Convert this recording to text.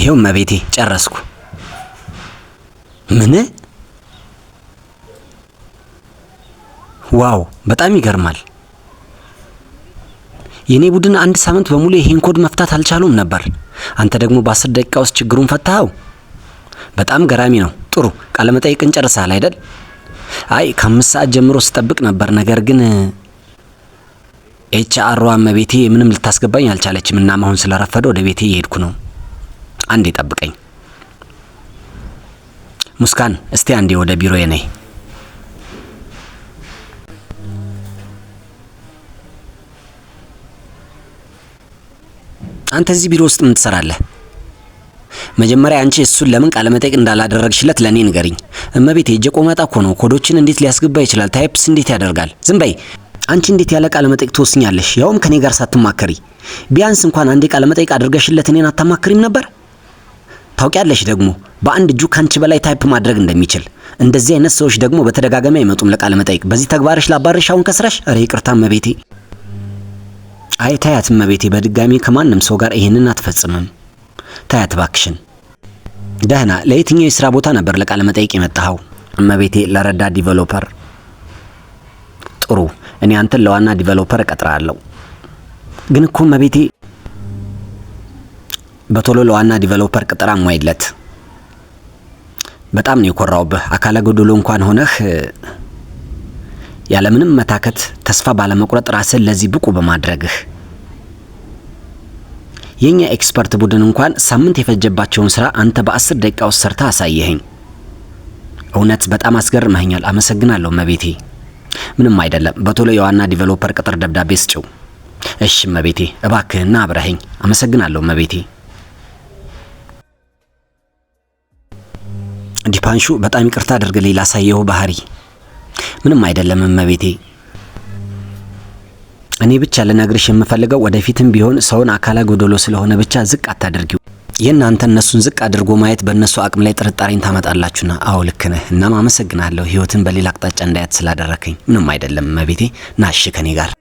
ይሄው መቤቴ ጨረስኩ። ምን ዋው! በጣም ይገርማል። የኔ ቡድን አንድ ሳምንት በሙሉ ይሄን ኮድ መፍታት አልቻሉም ነበር። አንተ ደግሞ በአስር ደቂቃ ውስጥ ችግሩን ፈታኸው። በጣም ገራሚ ነው። ጥሩ ቃለ መጠይቅን ጨርሰሃል አይደል? አይ ከአምስት ሰዓት ጀምሮ ስጠብቅ ነበር፣ ነገር ግን ኤች ዋ መቤቴ ምንም ልታስገባኝ አልቻለችም። እናም አሁን ስለረፈደ ወደ ቤቴ እየሄድኩ ነው። አንዴ ጠብቀኝ። ሙስካን እስቲ አንዴ ወደ ቢሮዬ ነይ። አንተ እዚህ ቢሮ ውስጥ ምን ትሰራለህ? መጀመሪያ አንቺ እሱን ለምን ቃለ መጠይቅ እንዳላደረግሽለት ለእኔ ንገሪኝ። እመቤት እጀ ቆመጣ እኮ ነው። ኮዶችን እንዴት ሊያስገባ ይችላል? ታይፕስ እንዴት ያደርጋል? ዝም በይ አንቺ። እንዴት ያለ ቃለ መጠይቅ ትወስኛለሽ? ያውም ከኔ ጋር ሳትማከሪ። ቢያንስ እንኳን አንዴ ቃለ መጠይቅ አድርገሽለት እኔን አታማክሪም ነበር? ታውቂያለሽ ደግሞ በአንድ እጁ ካንቺ በላይ ታይፕ ማድረግ እንደሚችል። እንደዚህ አይነት ሰዎች ደግሞ በተደጋጋሚ አይመጡም ለቃለ መጠይቅ። በዚህ ተግባርሽ ላባርሽ አሁን ከስራሽ። ኧረ ይቅርታ እመቤቴ። አይ ታያት እመቤቴ፣ በድጋሚ ከማንም ሰው ጋር ይሄንን አትፈጽምም። ታያት ባክሽን። ደህና ለየትኛው የስራ ቦታ ነበር ለቃለ መጠይቅ የመጣኸው? እመቤቴ ለረዳ ዲቨሎፐር። ጥሩ እኔ አንተን ለዋና ዲቨሎፐር እቀጥራለሁ። ግን እኮ እመቤቴ በቶሎ ለዋና ዲቨሎፐር ቅጥር አሟይለት። በጣም ነው የኮራውብህ። አካለ ጎደሎ እንኳን ሆነህ ያለምንም መታከት ተስፋ ባለመቁረጥ ራስን ለዚህ ብቁ በማድረግህ የኛ ኤክስፐርት ቡድን እንኳን ሳምንት የፈጀባቸውን ስራ አንተ በአስር ደቂቃ ውስጥ ሰርታ አሳየኸኝ። እውነት በጣም አስገርመኸኛል። አመሰግናለሁ መቤቴ። ምንም አይደለም። በቶሎ የዋና ዲቨሎፐር ቅጥር ደብዳቤ ስጭው። እሺ መቤቴ፣ እባክህና አብረኸኝ። አመሰግናለሁ መቤቴ። ዲፓንሹ በጣም ይቅርታ አድርግልኝ ላሳየው ባህሪ። ምንም አይደለም እመቤቴ። እኔ ብቻ ልነግርሽ የምፈልገው ወደፊትም ቢሆን ሰውን አካለ ጎደሎ ስለሆነ ብቻ ዝቅ አታድርጊው። የእናንተ እነሱን ዝቅ አድርጎ ማየት በእነሱ አቅም ላይ ጥርጣሬን ታመጣላችሁና። አዎ ልክ ነህ። እናም አመሰግናለሁ ህይወትን በሌላ አቅጣጫ እንዳያት ስላደረከኝ። ምንም አይደለም እመቤቴ። ናሽ ከኔ ጋር